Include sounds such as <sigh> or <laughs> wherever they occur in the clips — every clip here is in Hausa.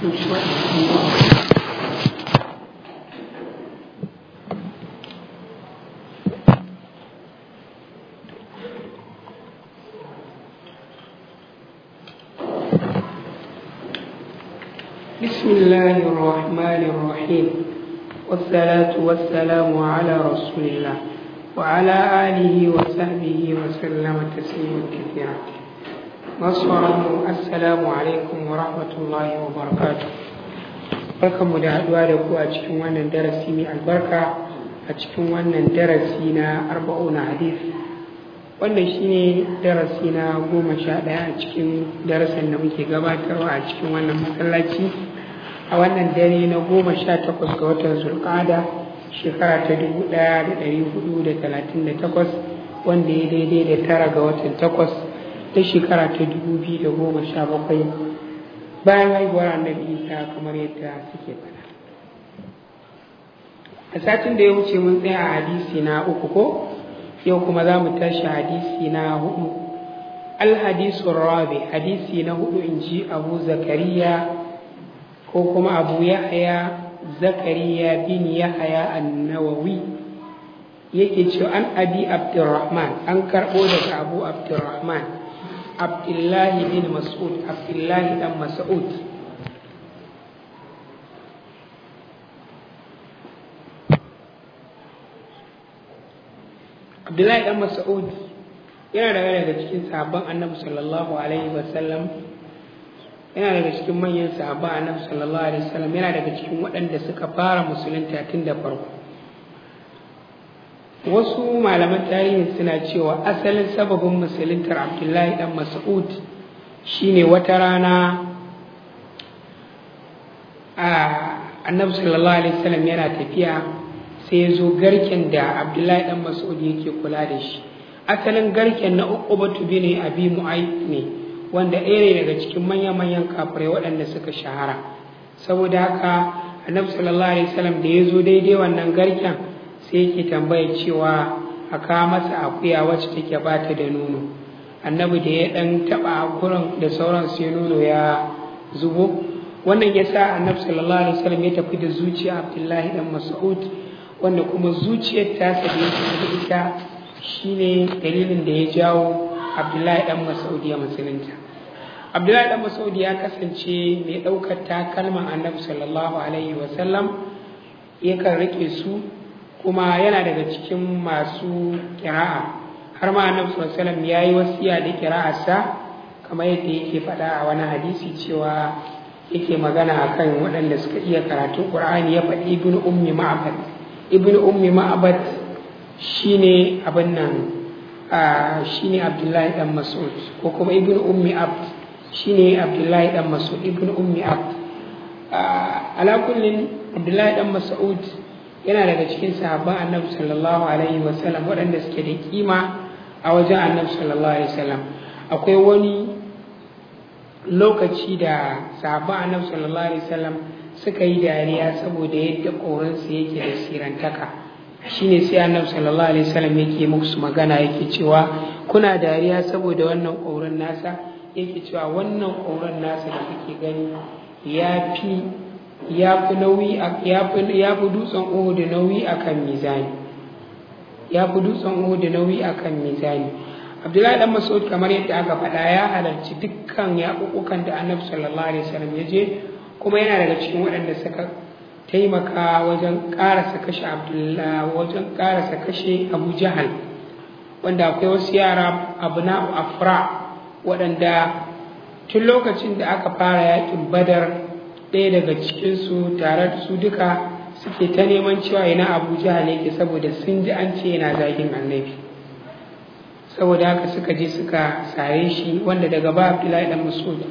بسم الله الرحمن الرحيم والصلاة والسلام على رسول الله وعلى آله وصحبه وسلم تسليما كثيرا masu assalamu alaikum wa rahmatullahi wa barakatu barkanmu da haɗuwa da ku a cikin wannan darasi mai albarka a cikin wannan darasi na na hadith wannan shine darasi na goma sha ɗaya a cikin darasin da muke gabatarwa a cikin wannan masallaci a wannan dare na goma sha takwas ga watan zulkada shekara ta dubu ɗaya da dari hudu da talatin da takwas wanda ya daidai da tara ga watan takwas ta shekara ta dubu biyu da goma sha bakwai bayan haihuwar annabi isa kamar yadda suke fada. a satin da ya wuce mun tsaya a hadisi na uku ko yau kuma za mu tashi hadisi na hudu alhadisu rabi hadisi na hudu in ji abu zakariya ko kuma abu yahaya zakariya bin yahaya annawawi yake ce an abi abdurrahman an karɓo daga abu abdurrahman abdullahi bin mas'ud abdullahi dan mas'ud abdullahi dan mas'ud yana daga daga cikin sahabban annabi sallallahu alaihi wasallam yana daga cikin manyan sahabban annabi sallallahu alaihi wasallam yana daga cikin waɗanda suka fara musulunta tun da farko wasu malaman tarihin suna cewa asalin sababin musuluntar abdullahi dan mas'ud shine wata rana a annabi sallallahu alaihi wasallam yana tafiya sai ya zo garken da abdullahi dan mas'ud yake kula da shi asalin garken na uqubatu bin abi mu'ayyid ne wanda ɗaya ne daga cikin manya-manyan kafirai waɗanda suka shahara saboda haka annabi sallallahu alaihi wasallam da ya zo daidai wannan garken sai ke tambaye cewa a kawo masa akuya wacce take ba ta da nono annabi da ya dan taba gurin da sauran sai nono ya zubo wannan ya sa annabi sallallahu alaihi wasallam ya tafi da zuciya abdullahi dan mas'ud wanda kuma zuciyar ta sabi da ita shine dalilin da ya jawo abdullahi dan mas'ud ya musulunta abdullahi dan mas'ud ya kasance mai ɗaukar takalman annabi sallallahu alaihi wasallam yakan rike su kuma yana daga cikin masu kira'a har ma annabi sallallahu alaihi ya yi wasiya da kira'arsa kamar yadda yake faɗa a wani hadisi cewa yake magana akan waɗanda suka iya karatun qur'ani ya faɗi ibnu ummi ma'abad ibnu ummi ma'abad shine abin nan shine abdullahi dan mas'ud ko kuma ibnu ummi abd shine abdullahi dan mas'ud ibnu ummi abd ala kullin abdullahi dan mas'ud yana daga cikin sahabban annabi sallallahu alaihi wasallam waɗanda suke da kima a wajen annabi sallallahu alaihi wasallam akwai wani lokaci da sahabban annabi sallallahu alaihi wasallam suka yi dariya saboda yadda ƙoransu yake da sirantaka shine sai annabi sallallahu alaihi wasallam yake musu magana yake cewa kuna dariya saboda wannan ƙoran nasa yake cewa wannan ƙoran nasa da kake gani ya fi ya fi dutsen uhu da nauyi a kan mizani ya fi dutsen uhu da nauyi a kan mizani abdullahi dan mas'ud kamar yadda aka faɗa ya halarci dukkan yaƙuƙukan da annabi sallallahu alaihi wasallam ya je kuma yana daga cikin waɗanda suka taimaka wajen ƙarasa kashe abdullahi wajen karasa kashe abu jahal wanda akwai wasu yara abna afra waɗanda tun lokacin da aka fara yakin badar ɗaya daga cikinsu tare da su duka suke ta neman cewa ina abu ne ke saboda sun ji an ce yana zagin annabi saboda haka suka je suka saye shi wanda daga ba abdullahi dan mas'ud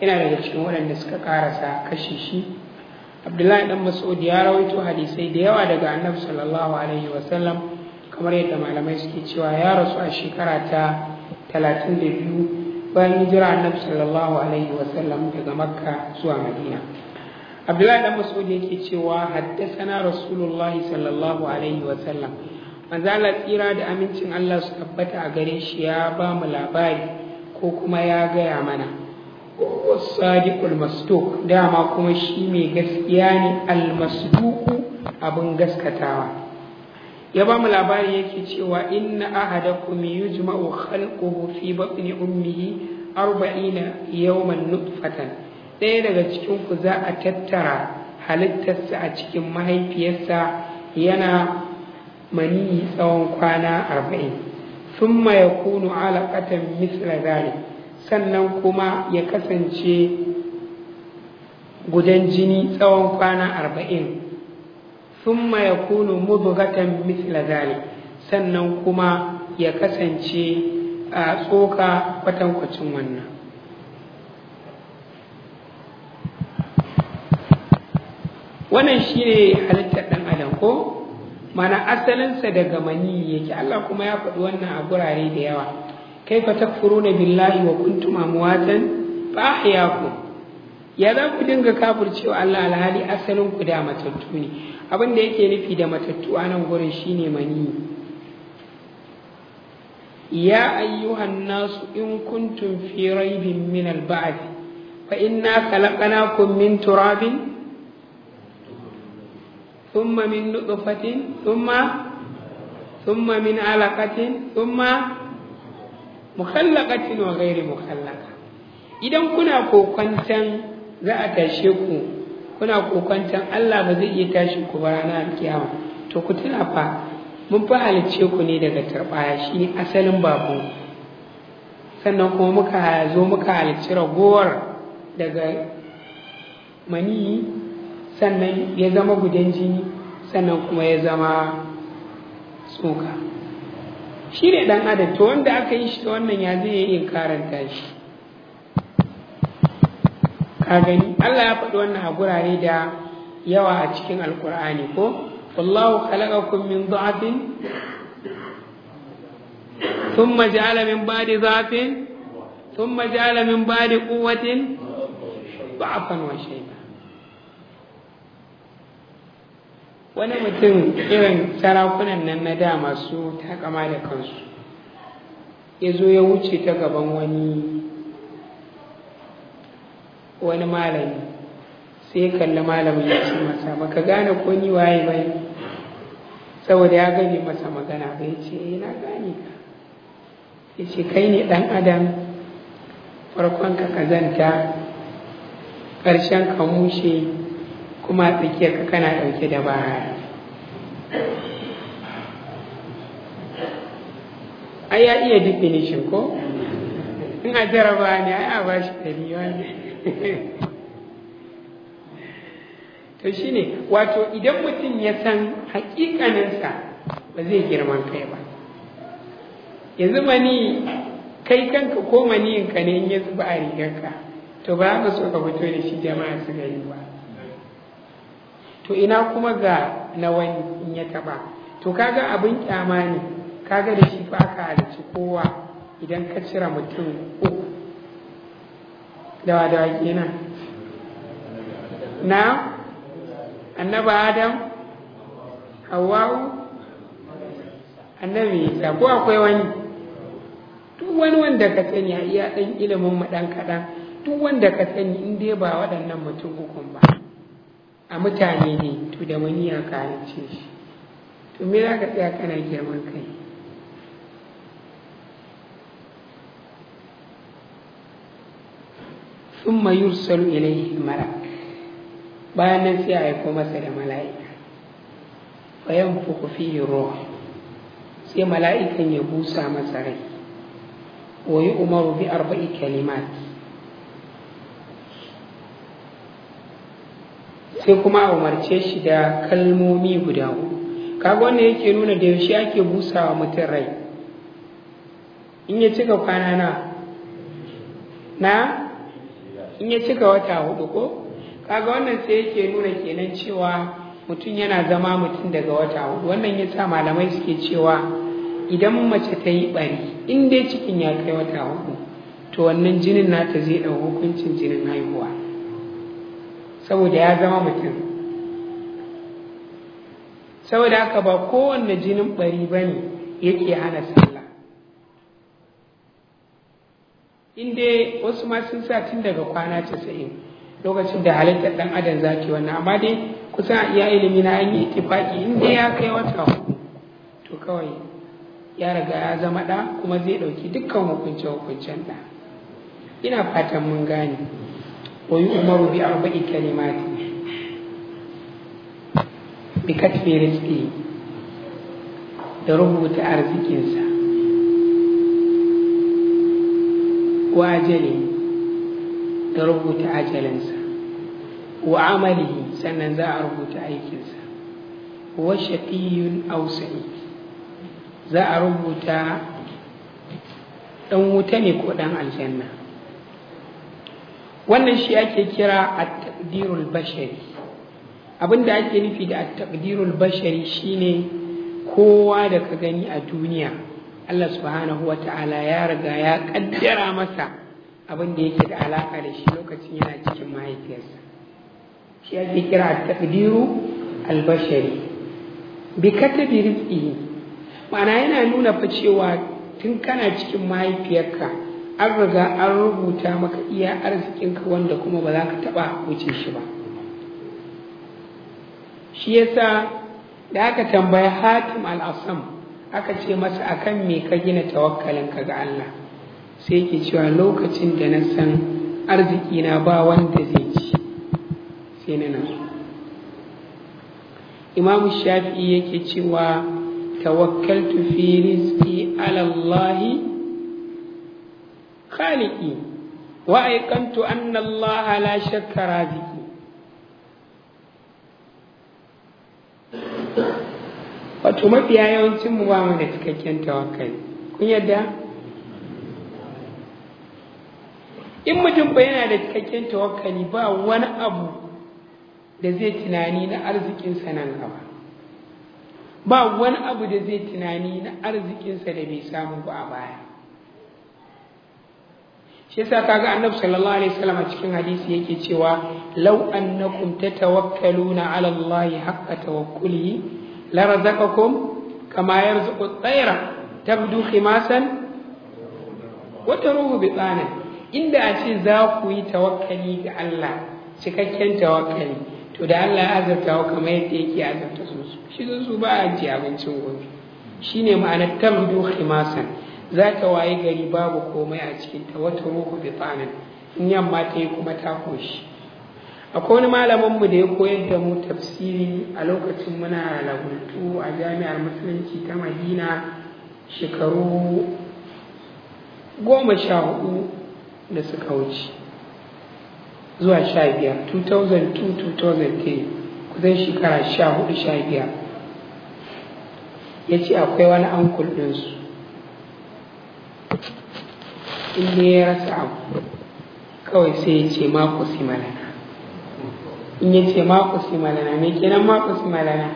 yana daga cikin waɗanda suka karasa kashe shi abdullahi dan mas'ud ya rawaito hadisai da yawa daga annabi sallallahu alaihi wasallam kamar yadda malamai suke cewa ya rasu a shekara ta talatin da biyu bayan hijira annabi sallallahu alaihi wasallam daga makka zuwa madina abdullahi dan mas'ud yake cewa haddasana rasulullahi sallallahu alaihi wa sallam manzo Allah tsira da amincin Allah su tabbata a gare shi ya ba mu labari ko kuma ya gaya mana sadiqul masduq dama kuma shi mai gaskiya ne al abin gaskatawa ya ba mu labari yake cewa inna ahadakum yujma'u khalquhu fi batni ummihi arba'ina yawman nutfatan ɗaya daga cikin ku za a tattara halittarsa a cikin mahaifiyarsa yana maniyi tsawon kwana arba'in sun thumma yakunu alaqatan misla zane, sannan kuma ya kasance gudan jini tsawon kwana arba'in thumma yakunu mudghatan misla zane, sannan kuma ya kasance a tsoka kwatankwacin wannan wannan shi ne halittar ɗan adam ko mana asalinsa daga mani yake Allah kuma ya faɗi wannan a gurare da yawa kai fa na billahi wa kuntu amwatan fa ahyaakum ya za ku dinga kafircewa Allah alhali asalin ku da matattu ne abin da yake nufi da matattu a nan gurin shine mani ya ayyuhan nasu in kuntum fi raibin min al-ba'th fa inna khalaqnakum min turabin ثم من نطفة ثم ثم من علقة wa ghairi mukhallaqa idan kuna kokwantan za a tashe ku kuna kokwantan Allah ba zai iya tashi ku ba ranar alkiyama to ku tuna fa mun fa halice ku ne daga turbaya shine asalin babu sannan kuma muka zo muka halicci ragowar daga mani sannan ya zama gudan jini sannan kuma ya zama tsoka shi ne ɗan adam to wanda aka yi shi ta wannan ya zai iya karanta shi ka gani Allah ya faɗi wannan a gurare da yawa a cikin alkur'ani ko wallahu khalaqakum min dha'fin thumma ja'ala min ba'di dha'fin thumma ja'ala min ba'di quwwatin a wa shay'a wani mutum irin sarakunan nan na da masu takama da kansu ya zo ya wuce ta gaban wani wani malami sai ya kalli malamin ya ce masa baka gane ko ni waye bai saboda ya gani masa magana bai ce eh, na gane ka ya ce kai ne dan adam farkon ka kazanta ƙarshen ka mushe kuma tsakiyarka tsakiyar ka kana ɗauke da bahari ai ya iya definition ko in a jaraba ne ai a bashi ɗari wani <laughs> to shi ne, wato idan mutum ya san haƙiƙaninsa ba zai girman kai ba yanzu mani kai kanka ko maniyinka ne in yi zuba a rigarka to ba ka so ka fito da shi jama'a su gani ba to ina kuma ga na wani in ya taɓa to kaga abin kyama ne kaga da shi ba aka halarci kowa idan ka cire mutum uku dawa dawa kenan na annaba adam hawa'u annabi isa ko akwai wani duk wani wanda ka sani a iya ɗan ilimin mu kaɗan duk wanda ka sani in dai ba waɗannan mutum hukun ba a mutane ne to da wani ya karance shi to me za ka tsaya kana girman kai sun mayur salu ilaihi mara bayan nan sai a aiko masa da mala'ika bayan fuku fi ruwa sai mala'ikan ya busa masa rai wa yi umaru bi arba'i kalimati sai kuma a umarce shi da kalmomi guda kaga wannan yake nuna da yaushe ake busawa mutum rai in ya cika kwana na na in ya cika wata hudu ko kaga wannan sai yake nuna kenan cewa mutum yana zama mutum daga wata hudu wannan ya sa malamai suke cewa idan mace ta yi bari in cikin ya kai wata hudu to wannan jinin nata zai ɗau hukuncin jinin haihuwa saboda ya zama mutum saboda haka ba kowanne jinin ɓari ba ne yake hana sallah inda wasu ma sun sa tun daga kwana casa'in lokacin da halittar ɗan adam zaki wannan amma dai kusan iya ilimi na an yi itifaki inda ya kai wata hudu to kawai ya riga ya zama ɗa kuma zai ɗauki dukkan hukunce-hukuncen ɗa ina fatan mun gane ويؤمر بأربع كلمات بكتب رزقه دربه أرزق إنسان وأجله دربه تأجل إنسان وعمله سنن ذا تأيك أيك إنسان وشقي أو سعيد ذا أربوت ɗan wuta ne ko ɗan aljanna wannan shi ake kira at-taqdirul bashari abinda ake nufi da at-taqdirul bashari shine kowa da ka gani a duniya Allah subhanahu Ta'ala ya riga ya kaddara masa abin da yake da alaka da shi lokacin yana cikin mahaifiyarsa shi ake kira at-taqdiru al-bashari bi katabi ma'ana yana nuna fa cewa tun kana cikin mahaifiyarka an riga an rubuta maka iya arzikinka wanda kuma ba za ka taɓa wuce shi ba shi yasa da aka tambaya hatim asam aka ce masa akan me ka gina tawakkalinka ga Allah sai ke cewa lokacin da na san arziki na ba wanda zai ci sai na nan imam shafi'i yake cewa tawakkaltu fi rizqi ala Allah khaliqi wa aiqantu anna allaha la shakka raziki wato mafiya yawancin mu ba mu da cikakken tawakkali kun yadda in mutum ba yana da cikakken tawakkali ba wani abu da zai tunani na arzikinsa nan gaba ba wani abu da zai tunani na arzikinsa da bai samu ba a baya shi yasa kaga annabi sallallahu alaihi wasallam a cikin hadisi yake cewa law annakum tatawakkaluna ala allahi haqqa tawakkulihi la razaqakum kama yarzuqu at-tayra tabdu khimasan wa taruhu bitana inda a ce za ku yi tawakkali ga Allah cikakken tawakkali to da Allah ya azurta wa kamar yadda yake azurta su shi su ba a ji abincin gobe shine ma'anar tabdu khimasan za ta waye gari babu komai a cikin ta wata ruhu bi tsanin in yamma ta yi kuma ta koshi akwai wani malaminmu da ya koyar da mu tafsiri a lokacin muna laguntu a jami'ar musulunci ta madina shekaru goma sha hudu da suka wuce zuwa sha biyar 2002-2003 kusan shekara sha hudu sha biyar ya ce akwai wani ankul ɗinsu in ya rasa abu kawai sai ya ce mako si malana in ya ce ma si malana me kenan mako si malana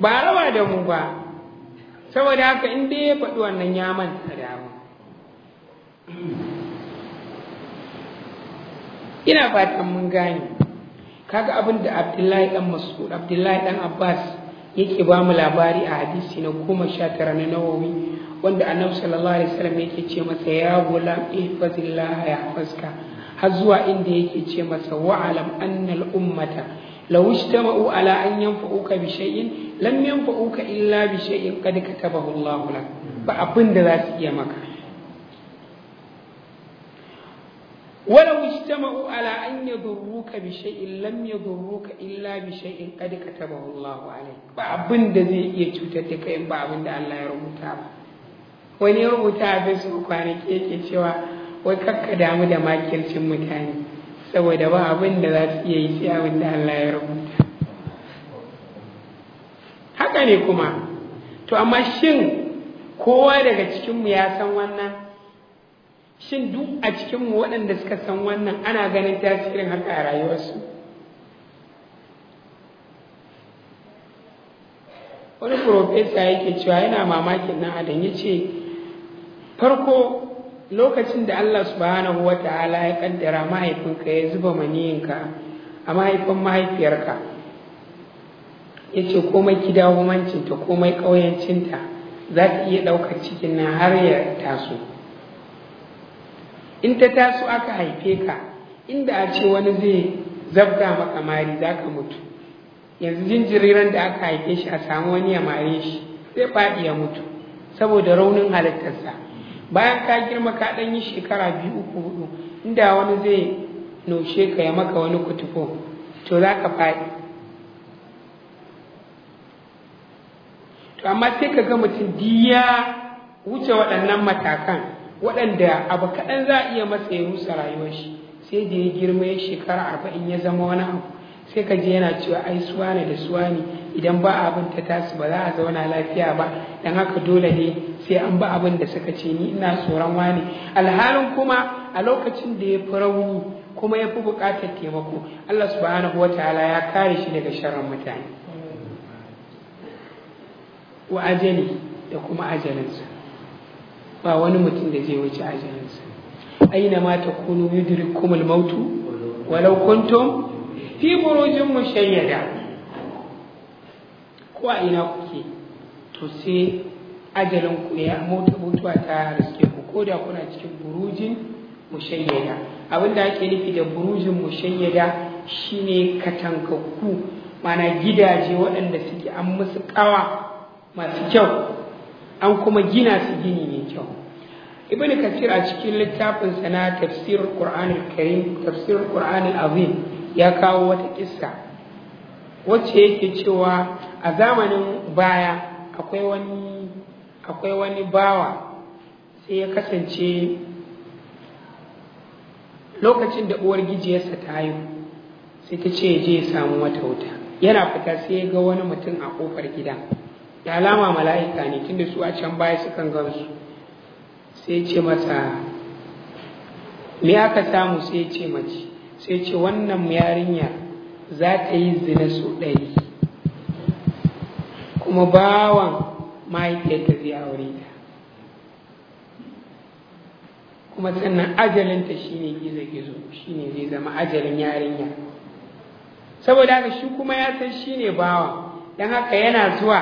ba a raba da mu ba saboda haka in dai ya faɗi wannan ya manta da mu ina fatan mun gane kaga abin da abdullahi dan mas'ud abdullahi dan abbas yake ba mu labari a hadisi na goma sha tara na nawawi wanda annabi sallallahu alaihi wasallam yake ce masa ya gulam ihfazillah yahfazka har zuwa inda yake ce masa wa'alam annal ummata law ijtama'u ala an yanfa'uka bi shay'in lam yanfa'uka illa bi shay'in qad katabahu Allah lak ba abin da za su iya maka ولو اجتمعوا على أن يضروك بشيء لم يضروك إلا بشيء قد كتبه الله عليك ba abin da zai iya cutar da kai ba abin Allah ya rubuta ba wani ya rubuta a facebook kwanaki yake cewa wai kakka damu da makircin mutane saboda ba abin da za su iya yi sai abin da Allah ya rubuta haka ne kuma to amma shin kowa daga cikinmu ya san wannan shin duk a cikinmu waɗanda suka san wannan ana ganin tasirin haka a rayuwarsu wani profesa yake cewa yana mamakin nan adam ya ce farko lokacin da Allah subhanahu wa ta'ala ya kaddara mahaifinka ya zuba maniyinka a mahaifin mahaifiyarka ya ce komai kidawomancinta komai ƙauyancinta za ta iya ɗaukar cikin nan har ya taso in ta taso aka haife ka inda a ce wani zai zabga maka mari za ka mutu yanzu jinjiriran da aka haife shi a samu wani ya mare shi zai faɗi ya mutu saboda raunin halittarsa bayan ka girma ka ɗan yi shekara biyu uku hudu inda wani zai noshe ka ya maka wani kutufo to za ka faɗi to amma sai ka ga mutum diya wuce waɗannan matakan waɗanda abu kaɗan za a iya masa ya rusa rayuwar shi sai da ya girma ya shekara arba'in ya zama wani abu sai ka je yana cewa ai suwa ne da suwa ne idan ba abin ta tasu ba za a zauna lafiya ba dan haka dole ne sai an ba abin da suka ce ni ina tsoron wani alhalin kuma a lokacin da ya fi rauni kuma ya fi buƙatar taimako Allah subhanahu wataala ya kare shi daga sharar mutane wa ajali da kuma ajalinsa ba wani mutum da zai wuce ajalinsa aina ma kunu yudrikum al-maut walau kuntum fi burujin mushayyada ko a ina kuke to sai ajalin ku ya mota mutuwa ta riske ku ko da kuna cikin burujin mushayyada abin da ake nufi da burujin mushayyada shine katankakku mana gidaje waɗanda suke an musu ƙawa masu kyau an kuma gina su gini mai kyau ibn Kathir a cikin littafin tafsir qur'an al karim qur'an al azim ya kawo wata kissa wacce yake cewa a zamanin baya akwai wani akwai wani bawa sai ya kasance lokacin da uwar gijiyarsa ta haihu sai ta ce je ya samu wata wuta yana fita sai ya ga wani mutum a kofar gida da alama mala'ika ne tunda su a can baya sukan gansu sai ce masa me aka samu sai ce mace sai ce wannan yarinya za ta yi zina su ɗari kuma bawan mahaifiyarta zai aure ta kuma sannan ajalinta shine gizo-gizo shine zai zama ajalin yarinya saboda haka shi kuma ya san shine bawa don haka yana zuwa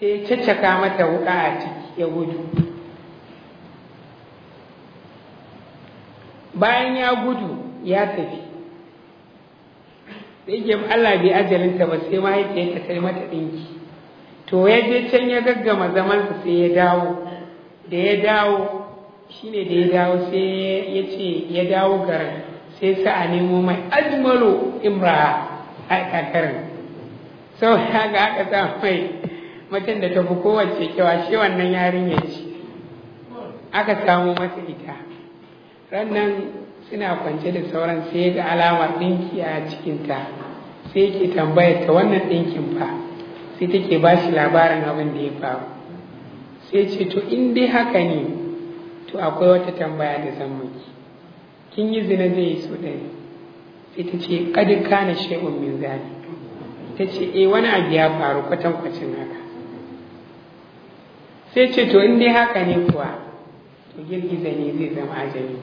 sai ya caccaka mata wuka a ciki ya gudu bayan ya gudu ya tafi da yake Allah bai ajalinta ba sai mahaifiyarta kai mata ɗinki to ya je can ya gaggama zamansa sai ya dawo da ya dawo shi ne da ya dawo sai ya ce ya dawo garin sai sa a nemo mai ajmalo imra a kakarin sau ga aka sa mai macen da tafi kowace kyawa shi wannan yarinya ce aka samo masa ita rannan suna kwance da sauran sai ga alamar ɗinki a cikinta sai ke tambayar ta wannan ɗinkin fa sai take ba shi labarin abin da ya faru sai ce to in dai haka ne to akwai wata tambaya da zan miki kin yi zina zai yi so ɗaya sai ta ce kad kana shay'un min zani ta ce eh wani abu ya faru kwatankwacin haka sai ce to in dai haka ne kuwa to girgiza ne zai zama ajali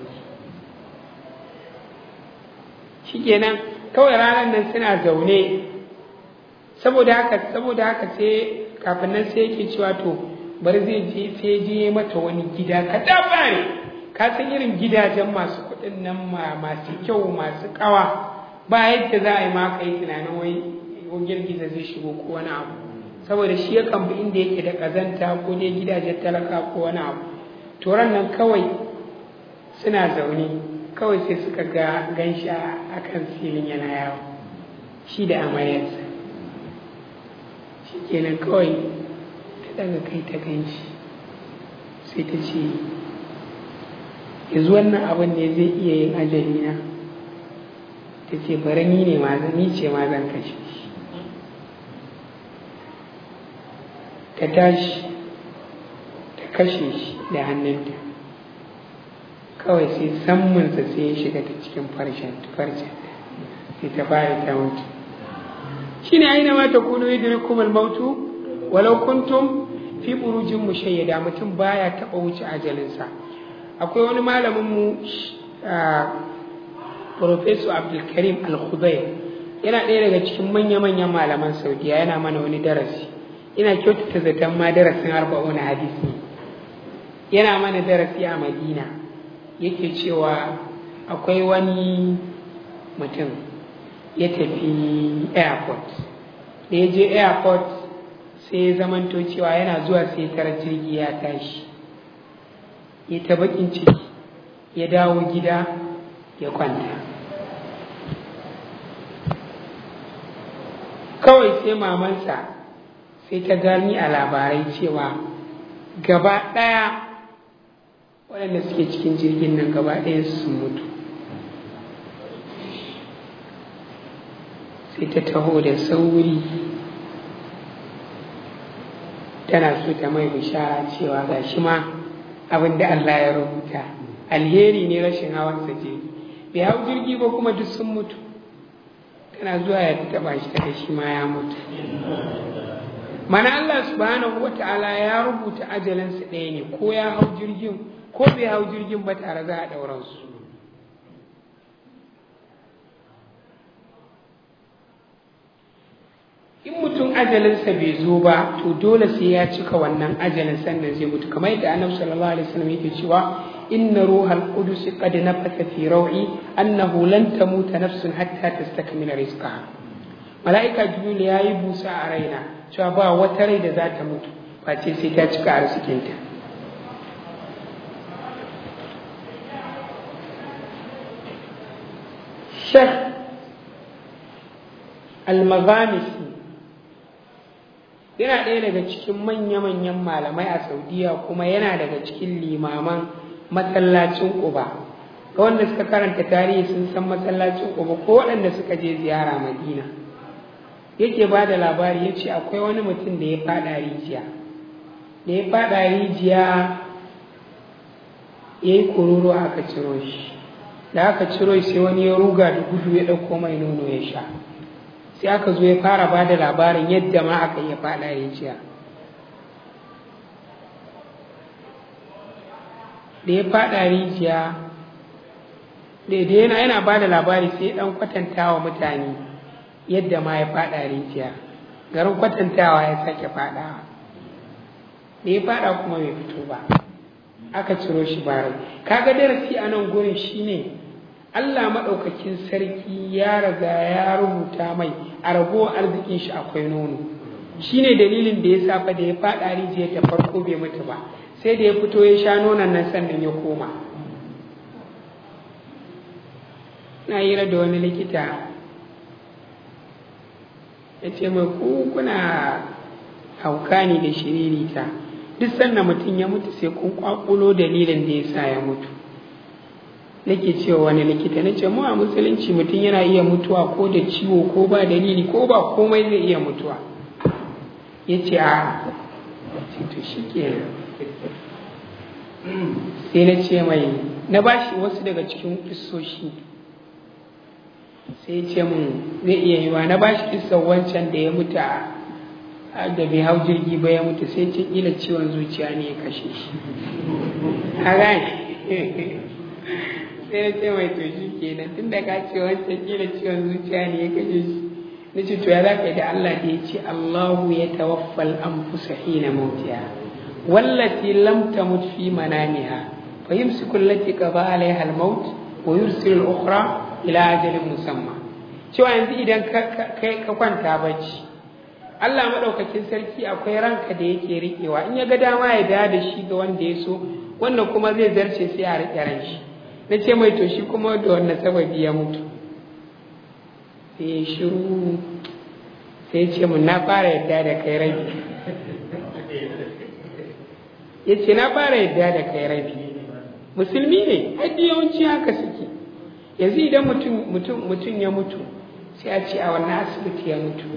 shikenan kawai ranar nan suna zaune saboda haka saboda haka sai kafin nan sai yake cewa to bari zai je sai je mata wani gida ka dabare ka san irin gidajen masu kuɗin nan masu kyau masu kawa ba yadda za a yi ma kai tunanin wai girgiza zai shigo ko wani abu saboda shi ya kan bi inda yake da kazanta ko dai gidajen talaka ko wani abu to ran nan kawai suna zaune kawai sai suka ga ganshi a filin yana yawo shi da amaryarsa shi kenan kawai ta daga kai ta ganshi sai ta ce yanzu wannan abin ne zai iya yin ajali na ta ce bari ni ne ma ni ce ma zan kashe shi ta tashi ta kashe shi da hannunta kawai sai sammunsa sai ya shiga ta cikin farcen sai ta fara ta mutu shine aina ma takunu yudrikum al walau kuntum fi burujin mushayyada mutum baya taba wuce ajalinsa akwai wani malamin mu Professor Abdulkarim al yana ɗaya daga cikin manya-manyan malaman Saudiya yana mana wani darasi ina kyautata zaton ma darasin arba'un hadisi yana mana darasi a Madina yake cewa akwai wani mutum ya tafi airport da ya je airport sai ya zamanto cewa yana zuwa sai tara jirgi ya tashi ya ta bakin ciki ya dawo gida ya kwanta kawai sai mamansa sai ta gani a labarai cewa gaba ɗaya waɗanda suke cikin jirgin nan gaba ɗaya sun mutu sai ta taho da sauri tana so ta mai bishara cewa ga shi ma abin da Allah ya rubuta alheri ne rashin hawan sa je bai hau jirgi ba kuma duk sun mutu tana zuwa ya taba shi ta shi ma ya mutu mana Allah subhanahu wata'ala ya rubuta ajalinsa ɗaya ne ko ya hau jirgin ko bai hau jirgin ba tare za a ɗauransu in mutum ajalinsa bai zo ba to dole sai ya cika wannan ajalin sannan zai mutu kamar yadda annabi sallallahu alaihi wasallam yake cewa inna ruhal qudus qad nafasa fi raw'i annahu lan tamuta nafsun hatta tastakmila rizqaha malaika jibril yayi busa a raina cewa ba wata rai da za ta mutu face sai ta cika arzikinta Sheikh Al-Maghamisi yana ɗaya daga cikin manya-manyan malamai a saudiya kuma yana daga cikin limaman masallacin uba ga wanda suka karanta tarihi sun san masallacin uba ko waɗanda suka je ziyara madina yake ba da labari ya ce akwai wani mutum da ya faɗa rijiya da ya faɗa rijiya ya yi kururu aka ciro shi da aka ciro sai wani ya ruga da gudu ya ɗauko mai nono ya sha sai aka zo ya fara ba da labarin yadda ma aka iya faɗa rijiya da ya faɗa rijiya daidai yana ba da labari sai ɗan kwatantawa mutane yadda ma ya faɗa rijiya garin kwatantawa ya sake faɗawa da ya faɗa kuma bai fito ba aka ciro shi Ka kaga darasi a nan gurin shine Allah maɗaukakin sarki ya riga ya rubuta mai a ragowar arzikin shi akwai nono shi ne dalilin da ya safa da ya faɗa rijiyar ta farko bai mutu ba sai da ya fito ya sha nonon nan sannan ya koma na hira da wani likita ya ce mai ku kuna hauka ne da shiririta duk sannan mutum ya mutu sai kun kwakulo dalilin da ya sa ya mutu nake cewa wani likita na ce mu a musulunci mutum yana iya mutuwa ko da ciwo ko ba dalili ko ba komai zai iya mutuwa ya ce a to shi ke? sai na ce mai na ba shi wasu daga cikin kisoshi sai ya ce mu zai iya yiwa na ba shi kisan wancan da ya mutu da bai hau jirgi ba ya mutu sai ce kila ciwon zuciya ne ya kashe shi a <laughs> sai na ce mai to shi kenan tun da ka ce wancan kila ciwon zuciya ne ya kashe shi na ce to ya za ka yi da Allah da ya ce Allahu ya tawaffal anfusa hina mautiha wallati lam tamut fi manamiha fa yumsiku allati qada ba al Halmaut, wa yursilu al ila ajalin musamman. cewa yanzu idan ka kwanta bacci Allah maɗaukakin sarki akwai ranka da yake riƙewa in ya ga dama ya da da shi ga wanda ya so wannan kuma zai zarce sai a riƙe ran shi na ce mai to shi kuma da wannan sababi ya mutu sai ya shiru sai ce mu na fara yadda da kai rabi ya ce na fara yadda da kai rabi musulmi ne haddi yawanci haka suke yanzu idan mutum ya mutu sai a ce a wannan asibiti ya mutu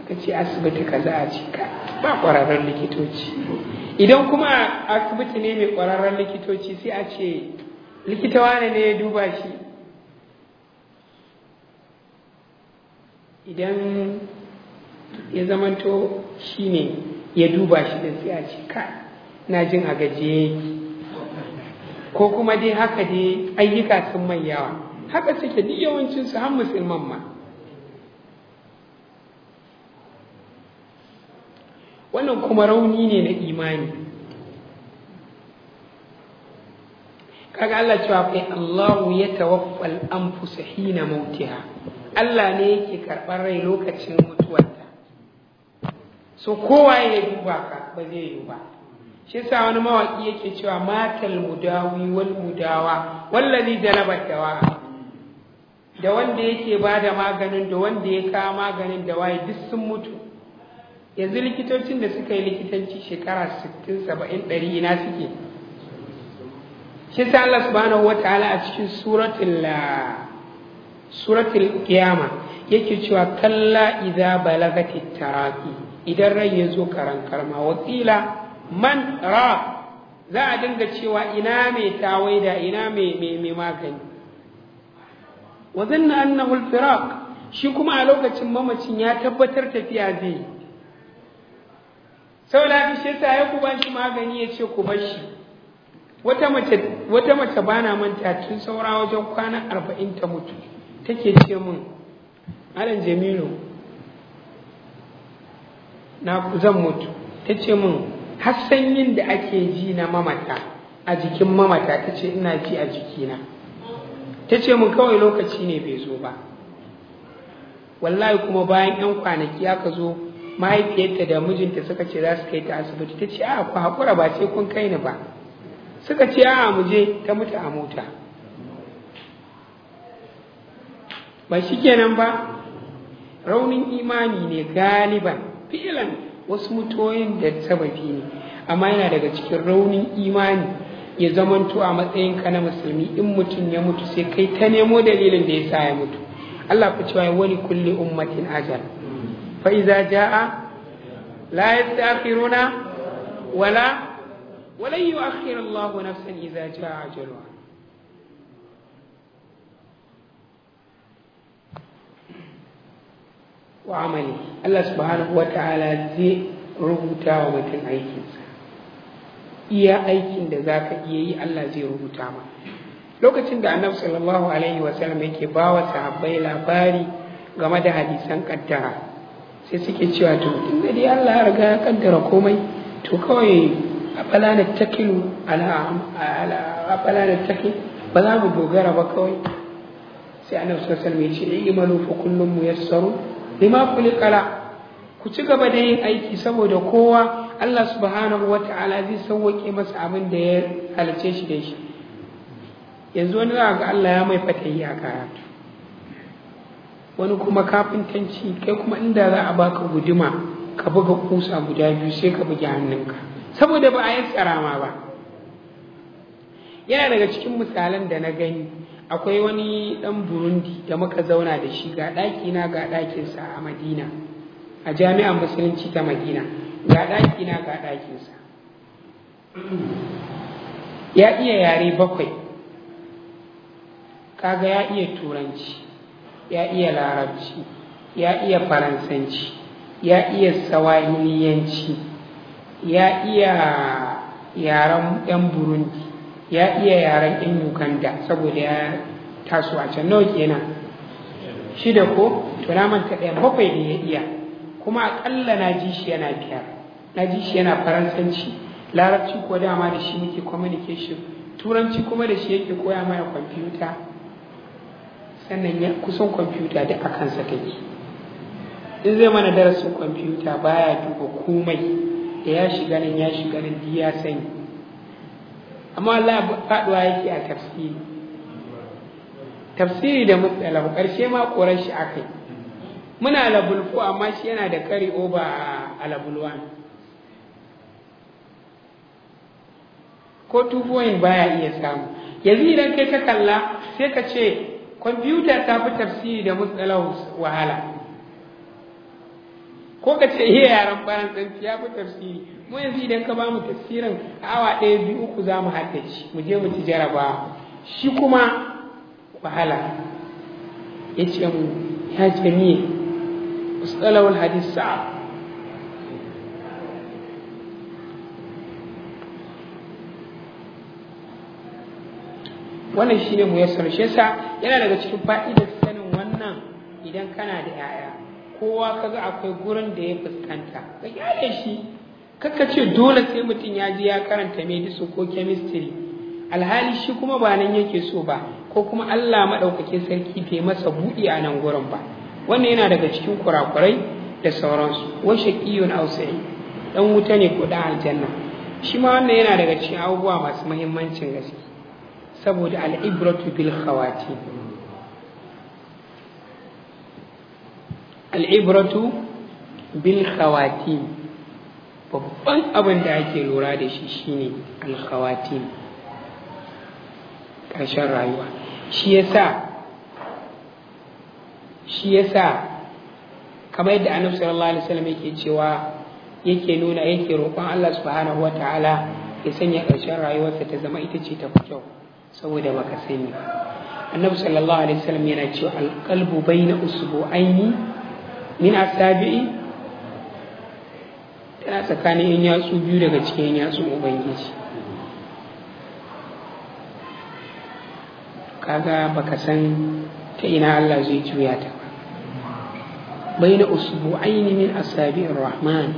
aka ce asibiti za a ce ka ba ƙwararren likitoci idan kuma asibiti ne mai ƙwararren likitoci sai a ce likita wane ne ya duba shi idan ya zamanto shi ne ya duba shi da siya ce na jin a gaje. ko kuma dai haka dai ayyuka sun mai yawa haka suke duk yawancinsu har musulman ma wannan kuma rauni ne na imani kaga Allah cewa kai Allahu ya tawaffal anfusa hina mautiha Allah ne yake karɓar rai lokacin mutuwarta so kowa ya duba ka ba zai yi ba shi yasa wani mawaki yake cewa matal mudawi wal mudawa wallazi jalaba dawa da wanda yake ba da maganin da wanda ya kawo maganin da waye duk sun mutu yanzu likitocin da suka yi likitanci shekara 60 70 ɗari na suke shi sa Allah subhanahu ta'ala a cikin suratul ah, suratul qiyama yake cewa kalla idza balagati taraqi idan rai ya zo karan karma wa man ra za a dinga cewa ina mai tawaida ina mai mai magani wa zanna annahu al-firaq shi kuma a lokacin mamacin ya tabbatar tafiya zai saboda da shi sai ya kuban shi magani ya ce ku bar shi wata mace ba na manta tun saura wajen kwana arba'in ta mutu take ce min Alan jamilu na zan mutu ta ce min hassanyin da ake ji na mamata a jikin mamata ta ce ina ji a jikina ta ce min kawai lokaci ne bai zo ba wallahi kuma bayan 'yan kwanaki aka zo mahaifiyarta da mijinta suka ce za su kai ta asibiti ta ce a ku haƙura ba ce kun kai ni ba suka ce a muje ta mutu a mota ba shi kenan ba raunin imani ne galiban filan wasu mutoyin da sababi ne amma yana daga cikin raunin imani ya zamanto a matsayin ka na musulmi in mutum ya mutu sai kai ta nemo dalilin da ya sa ya mutu Allah ku cewa wani kulle ummatin ajal fa iza jaa la yastakhiruna wala ولن يؤخر الله نفسا إذا جاء أجلها وعملي الله Allah وتعالى زي ta'ala zai rubuta wa mutum aikinsa iya aikin da za ka iya yi Allah zai rubuta lokacin da annabi sallallahu alaihi wa sallam yake ba wa sahabbai labari game da hadisan kaddara sai suke cewa to tun da dai Allah ya riga ya kaddara komai to kawai afala na takilu ala afala na taki ba za mu dogara ba kawai sai annabi sallallahu alaihi wasallam ya ce imanu fa kullum muyassaru lima kulikala ku ci gaba da yin aiki saboda kowa Allah subhanahu wa ta'ala zai sauwaƙe masa abin da ya halice shi da shi yanzu wani za ga Allah ya mai fatayi a karatu wani kuma kafintanci kai kuma inda za a baka guduma ka buga ƙusa guda biyu sai ka buge hannunka saboda ba a yi tsarama ba yana daga cikin misalan da na gani akwai wani ɗan burundi da muka zauna da shi ga ɗakina ga ɗakinsa a madina a jami'ar musulunci ta madina ga ɗakina ga ɗakinsa ya iya yare bakwai kaga ya iya turanci ya iya larabci ya iya faransanci ya iya sawahiliyanci ya iya yaren 'yan burundi ya iya yaren 'yan uganda saboda ya taso a can nawa kenan shida ko to na ɗaya bakwai da ya iya kuma aƙalla na ji shi yana biyar na ji shi yana faransanci larabci ko dama da shi muke communication turanci kuma da shi yake koya mana kwamfuta sannan ya kusan kwamfuta da a kansa take in zai mana darasin kwamfuta baya duba komai da ya shiga nan ya shiga nan duk ya sani amma Allah faɗuwa yake a tafsiri tafsiri da mutsalahu ƙarshe ma koran shi akai muna labulfu amma shi yana da kari oba a labulwan ko tufoyin baya iya samu yanzu idan kai ka kalla sai ka ce kwamfuta ta fi tafsiri da mutsalahu wahala ko ka ce iya yaren faransanci ya fi tafsiri mu yanzu idan ka ba mu tafsirin awa ɗaya biyu uku za mu haddace mu je mu ci jaraba. shi kuma wahala ya ce mu ya miye ustalawul hadis sa'a wannan ne mu yassar shi yasa yana daga cikin fa'idar sanin wannan idan kana da 'ya'ya kowa kaga akwai gurin da ya fuskanta ka kyale shi kaka ce dole sai mutum ya je ya karanta medicine ko chemistry alhali shi kuma ba nan yake so ba ko kuma Allah maɗaukakin sarki bai masa buɗi a nan gurin ba wannan yana daga cikin kurakurai da sauransu wa iyon aw ɗan dan wuta ne ko dan aljanna shi ma wannan yana daga cikin abubuwa masu mahimmancin gaske saboda al'ibratu bil khawatim al'ibratu bil khawatim babban abin da ake lura da shi shine al khawatim ƙarshen rayuwa shi yasa shi yasa kamar yadda annabi sallallahu alaihi wasallam yake cewa yake nuna yake roƙon Allah subhanahu wataala ya sanya ƙarshen rayuwarsa ta zama ita ce ta fi kyau saboda baka sani ba annabi sallallahu alaihi wasallam yana cewa alqalbu baina usbu'aini min asabi'i tana tsakanin yan yatsu biyu daga cikin yan yatsun ubangiji kaga baka san ta ina Allah zai juya ta ba baina aini min asabi'i rahman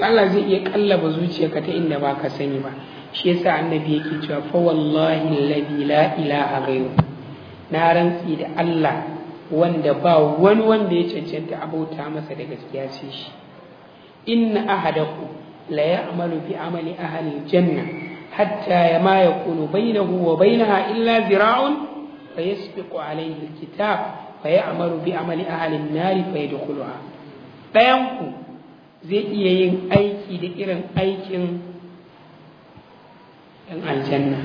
Allah zai iya kallaba zuciyarka ta inda ba ka sani ba shi yasa annabi yake cewa fa wallahi alladhi la ilaha ghayru na rantsi da Allah wanda ba wani wanda ya cancanta abota masa da gaskiya ce shi inna ahadaku la ya'malu bi amali ahli janna, hatta ma yakunu bainahu wa bainaha illa zira'un fayasbiqu alayhi alkitab fayamaru bi amali ahli an-nar fayadkhuluha dayan ku zai iya yin aiki da irin aikin ɗan aljanna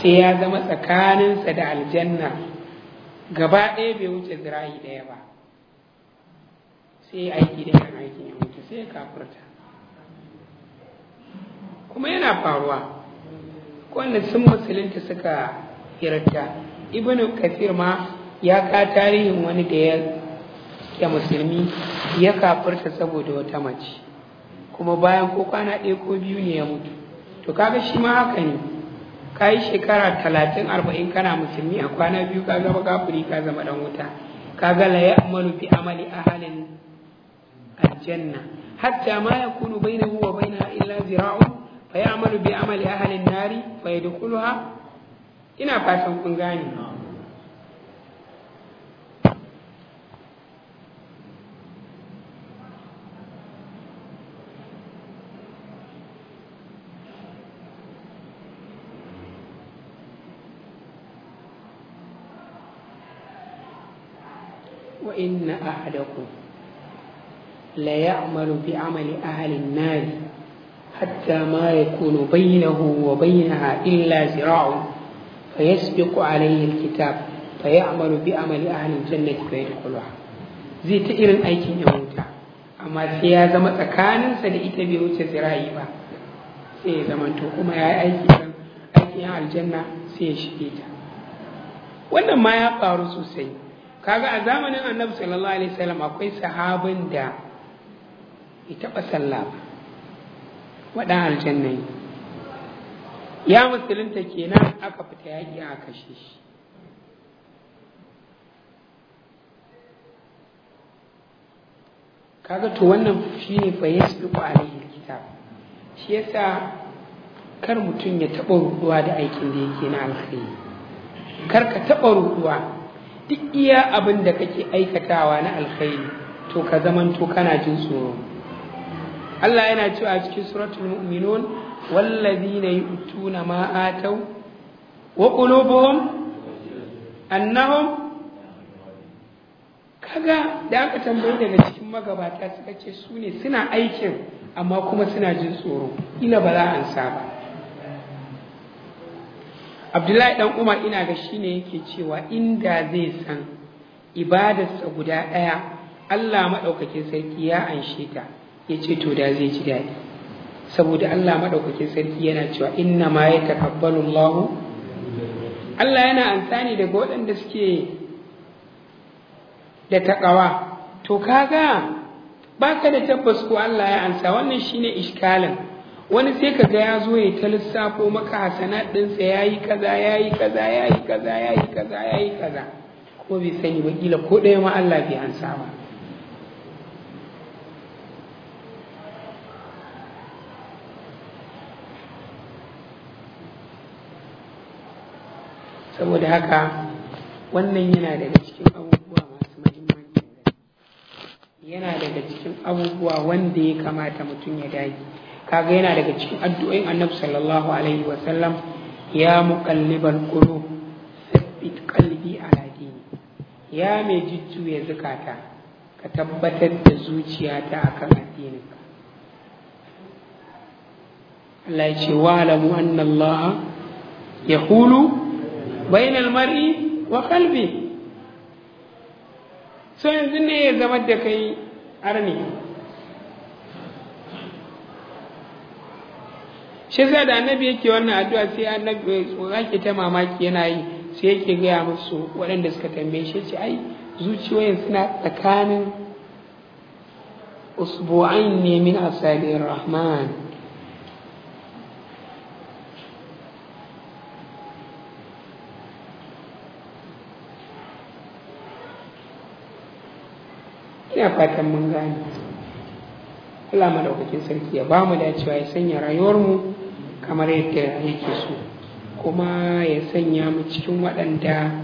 sai ya zama tsakaninsa da aljanna gaba ɗaya bai wuce zirahi ɗaya ba sai aiki da yan aikin ya wuce sai ya kafurta kuma yana faruwa kowanne sun musulunta suka yarda ibn kasir ma ya ka tarihin wani da ya musulmi ya kafurta saboda wata mace kuma bayan ko kwana ɗaya ko biyu ne ya mutu to kaga shi ma haka ne ka yi shekara talatin arba'in kana musulmi a kwana biyu ka zama kafiri ka zama dan wuta kaga la ya'malu bi amali ahalin aljanna hatta ma yakunu bainahu wa bainaha illa zira'un fa ya'malu bi amali ahalin nari fa yadkhuluha ina fatan kun gane wa inna ahadakum la ya'malu bi amali ahli an-nar hatta ma yakunu bainahu wa bainaha illa zira'un fayasbiqu alayhi al-kitab fayamalu bi amali ahli al-jannati fayadkhuluha zai ta irin aikin ya wuta amma sai ya zama tsakaninsa da ita bai wuce zira'i ba sai ya zama kuma ya yi aiki kan aljanna sai ya shige ta wannan ma ya faru sosai kaga a zamanin annabi sallallahu alaihi wasallam akwai sahabin da ya taɓa sallah wa waɗan aljanna ya musulunta kenan aka fita yaƙi a kashe shi kaga to wannan shine fa yasbiqu alaihi alkitab shi yasa kar mutum ya taɓa ruɗuwa da aikin da yake na alkhairi kar ka taɓa ruɗuwa duk iya abin da kake aikatawa na alkhairi to ka zaman to kana jin tsoro Allah yana cewa a cikin suratul mu'minun wallazina yu'tuna ma ataw wa qulubuhum annahum kaga da aka tambayi daga cikin magabata suka ce su ne suna aikin amma kuma suna jin tsoro Ina ba za ansa ba abdullahi dan umar ina ga shine yake cewa inda zai san ibadarsa guda ɗaya allah maɗaukakin sarki ya anshe ta ya ce to da zai ji daɗi saboda allah maɗaukakin sarki yana cewa inna ma ya takabbalu allahu allah yana ansani daga waɗanda suke da taƙawa to kaga baka da tabbas ko allah ya ansa wannan shine ishkalin wani sai ka ga ya zo ya ta lissafo maka hasanat ɗinsa ya yi kaza ya yi kaza ya yi kaza ya yi kaza ya yi kaza ko bai sani ba kila ko ɗaya ma Allah bai ansa ba saboda haka wannan yana daga cikin abubuwa masu mahimmanci yana daga cikin abubuwa wanda ya kamata mutum ya dage kaga yana daga cikin addu'o'in annabi sallallahu alaihi wa sallam ya muqallibal qulub thabbit qalbi ala dini ya mai jujjuya zakata ka tabbatar da zuciyata akan addini Allah ya ce wa alamu anna Allah hulu bayan almar'i wa qalbi sai yanzu ne ya zama da kai arni shi da annabi yake wannan addu'a sai annabi zaki ta mamaki yana yi sai yake gaya musu waɗanda suka tambaye shi ce ai zuciyoyin suna tsakanin usbu'ain ne min asalir rahman ina fatan mun gane Allah madaukakin sarki ya ba mu dacewa ya sanya rayuwarmu kamar yadda yake so kuma ya sanya mu cikin waɗanda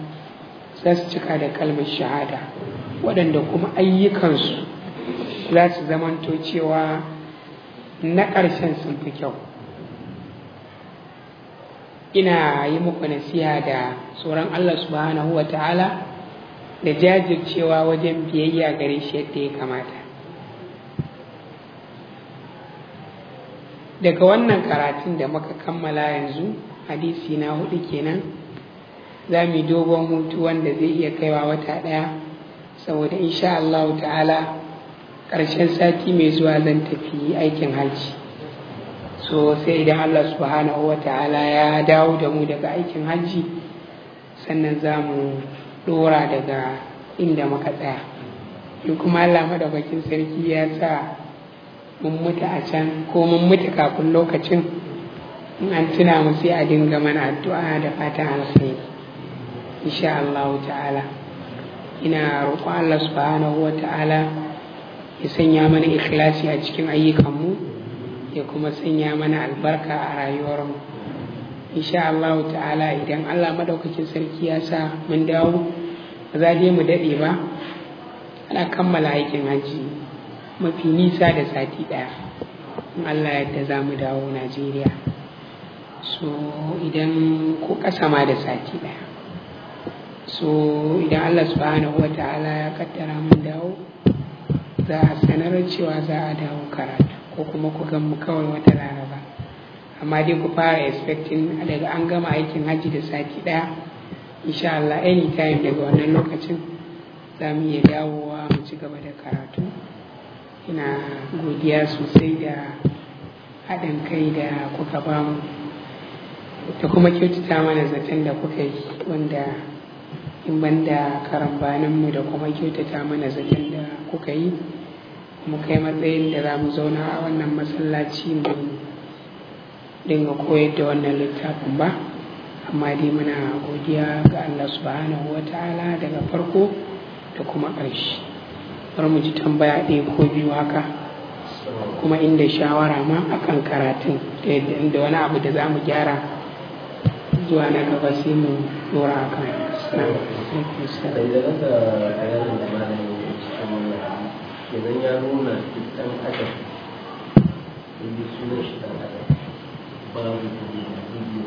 za su cika da kalmar shahada waɗanda kuma ayyukansu za su zamanto cewa na ƙarshen sun fi kyau ina yi muku nasiha da tsoron Allah subhanahu wa ta'ala da jajircewa wajen biyayya gare shi yadda ya kamata daga wannan karatun da muka kammala yanzu hadisi na hudu kenan za mu yi dogon hutu wanda zai iya kaiwa wata ɗaya saboda insha Allah ta'ala ƙarshen sati mai zuwa zan tafi aikin hajji so sai idan Allah subhanahu wa ta'ala ya dawo da mu daga aikin hajji sannan za mu dora daga inda muka tsaya in kuma Allah madaukakin sarki ya sa mun mutu a can ko mun mutu kafin lokacin in an tuna mu sai a dinga mana addu'a da fatan alheri insha Allah ta'ala ina roƙo Allah subhanahu wa ta'ala ya sanya mana ikhlasi a cikin ayyukanmu ya kuma sanya mana albarka a rayuwarmu insha Allah ta'ala idan Allah madaukakin sarki ya sa mun dawo ba za mu daɗe ba ana kammala aikin hajji mafi nisa da sati ɗaya in allah yadda za mu dawo najeriya so idan ko kasa ma da sati ɗaya so idan allah subhanahu wa ta'ala ya kaddara mun dawo za a sanar cewa za a dawo karatu ko kuma ku gan mu kawai wata laraba amma dai ku fara expecting daga an gama aikin hajji da sati ɗaya insha allah anytime daga wannan lokacin za mu iya dawowa mu ci gaba da karatu ina godiya sosai da haɗin kai da kuka bamu da kuma kyautata mana zaton da kuka yi wanda in banda mu da kuma kyautata mana zaton da kuka yi mu kai matsayin da za mu zauna a wannan masallaci mu dinga koyar da wannan littafin ba amma dai muna godiya ga Allah subhanahu wata ta'ala daga farko da kuma ƙarshe bar mu ji tambaya ɗaya ko biyu haka kuma inda shawara ma akan karatun da yadda inda wani abu da za mu gyara zuwa na gaba sai mu dora akan idan ya nuna ɗan adam inda sunan shi ɗan adam ko wani abu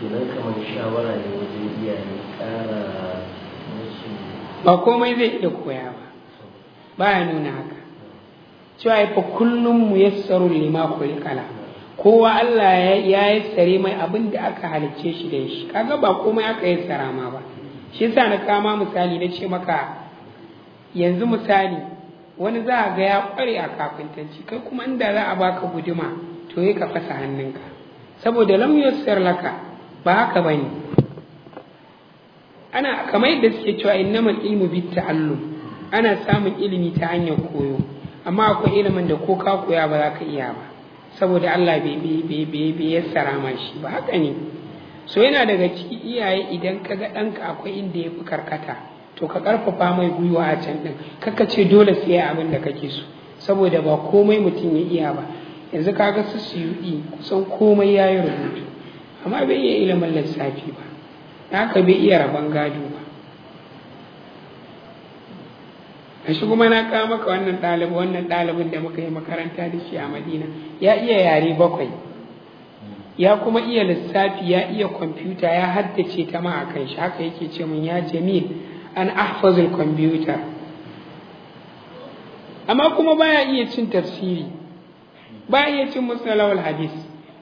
kenan kamar shawara ne wajen iyaye kara musu ba komai zai iya koya ba ba ya nuna haka cewa ya fa kullum tsaro lima kala. kowa Allah ya yi tsare mai abin da aka halicce shi da shi kaga ba komai aka tsara ma ba shi sa na kama misali na ce maka yanzu misali wani za a ga ya kware a kafintanci kai kuma inda za a baka guduma to yi ka fasa hannunka saboda lam yassar laka ba haka bane ana kamar yadda suke cewa innamal ilmu bi ta'allum ana samun ilimi ta hanyar koyo amma akwai ilimin da ko ka koya ba za ka iya ba saboda Allah bai yassara ma shi ba haka ne so yana daga ciki iyaye idan ka ga ɗanka akwai inda ya fi karkata to ka karfafa mai gwiwa a can ɗin kaka ce dole sai abin da kake so saboda ba komai mutum ya iya ba yanzu kaga su ɗi kusan komai ya yi rubutu amma bai iya ilimin lissafi ba haka bai iya rabon gado ba a shi kuma na kawo maka wannan ɗalibin wannan ɗalibin da muka yi makaranta da shi a madina ya iya yare bakwai ya kuma iya lissafi ya iya kwamfuta ya haddace ta ma a kan shi haka yake ce mun ya jamil an ahfazul kwamfuta amma kuma baya iya cin tafsiri baya iya cin musalawal hadis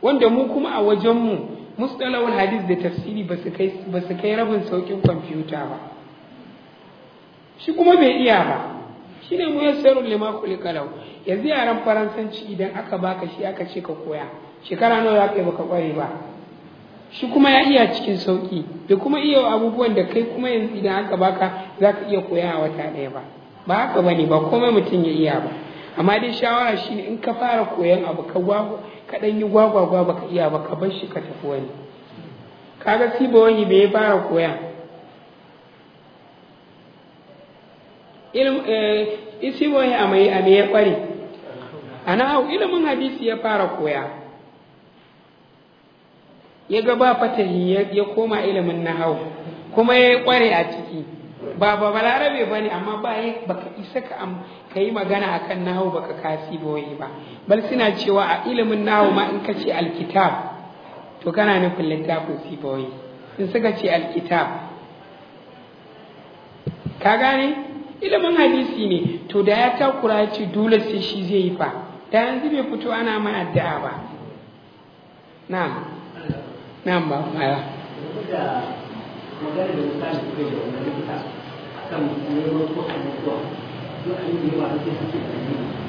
wanda mu kuma a wajenmu mustalawul hadis da tafsiri ba su kai rabin saukin kwamfuta ba shi kuma bai iya ba shi ne mu yassarun lima kulikalau yanzu yaran faransanci idan aka baka shi aka ce ka koya shekara nawa za ka baka kware ba shi kuma ya iya cikin sauki da kuma iya abubuwan da kai kuma yanzu idan aka baka za ka iya koya a wata ɗaya ba ba haka ba ne ba komai mutum ya iya ba amma dai shawara shi ne in ka fara koyan abu ka ka yi gwagwagwa baka iya ba ka bar shi ka tafi wani kaga si ba wani bai fara koya isi eh, wani a mai a ya kware a na'au ilimin hadisi ya fara koya ya ga ba fatahi ya koma ilimin nahau kuma ya kware a ciki ba ba balarabe ba ne amma ba ya baka isa ka yi magana akan nahau baka kasi boye ba bal suna cewa a ilimin nawa ma in ka ce alkitab to kana nufin littafin sifoyi in suka ce alkitab ka gane ilimin hadisi ne to da ya takura ya ce dole sai shi zai yi fa da yanzu bai fito ana mai addu'a ba na'am na'am ba maya magana da da a kan neman ko a yi zuwa duk an yi ba a cikin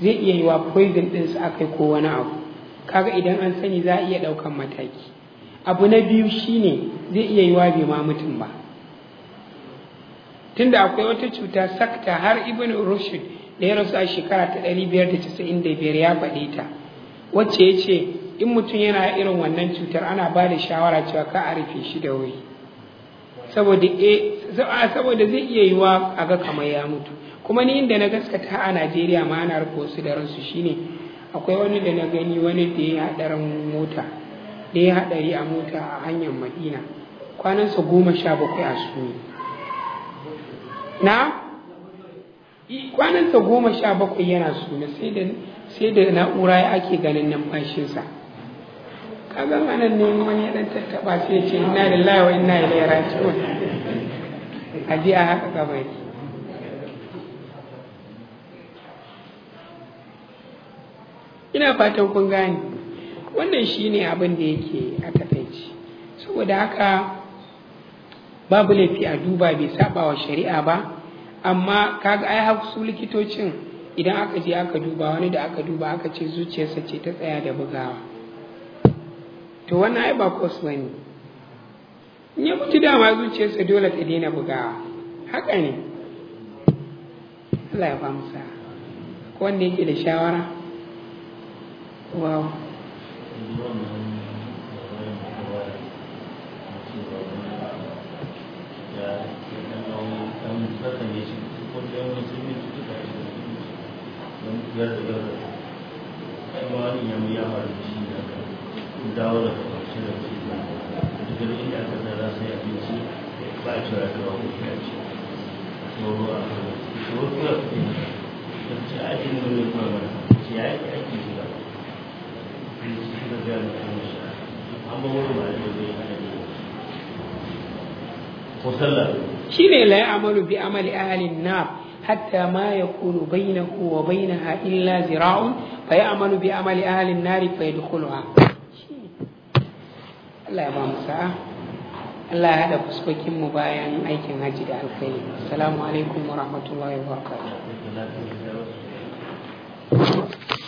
zai iya yi wa poison ɗinsu akai ko wani abu kaga idan an sani za a iya ɗaukan mataki abu na biyu shine zai iya yi wa bai ma mutum ba tunda akwai wata cuta sakta har ibn rushd da ya rasu a shekara ta ɗari biyar ya faɗe ta wacce ya ce in mutum yana irin wannan cutar ana ba da shawara cewa ka a rufe shi da wuri saboda eh, zai iya yiwa a ga kamar ya mutu kuma ni inda na gaskata a najeriya ma ana rufe wasu da ransu shine akwai wani da na gani wani da ya haɗarin mota da ya haɗari a mota a hanyar madina kwanansa goma sha bakwai a suni na kwanansa goma sha bakwai yana suna sai da na'ura ya ake ganin numfashinsa kaga anan ne wani ya dan tattaba sai ya ce ina da wa ina ya raji'un aje a haka kabari ina fatan kun gane wannan shine abin da yake a takaici saboda haka babu laifi a duba bai saba wa shari'a ba amma kaga ai har su likitocin idan aka je aka duba wani da aka duba aka ce zuciyarsa ce ta tsaya da bugawa to wannan ai ba kos bane in ya mutu dama zuciyarsa dole ta daina bugawa haka ne Allah ya ba Musa ko wanda yake da shawara wow Thank you. shi ne la bi amali ahlin nar hatta ma yakunu bainahu wa bainaha illa zira'un fa bi amali fa Allah ya ba mu sa'a Allah ya hada fuskokin mu bayan aikin hajji da alkhairi assalamu alaikum wa rahmatullahi wa barakatuh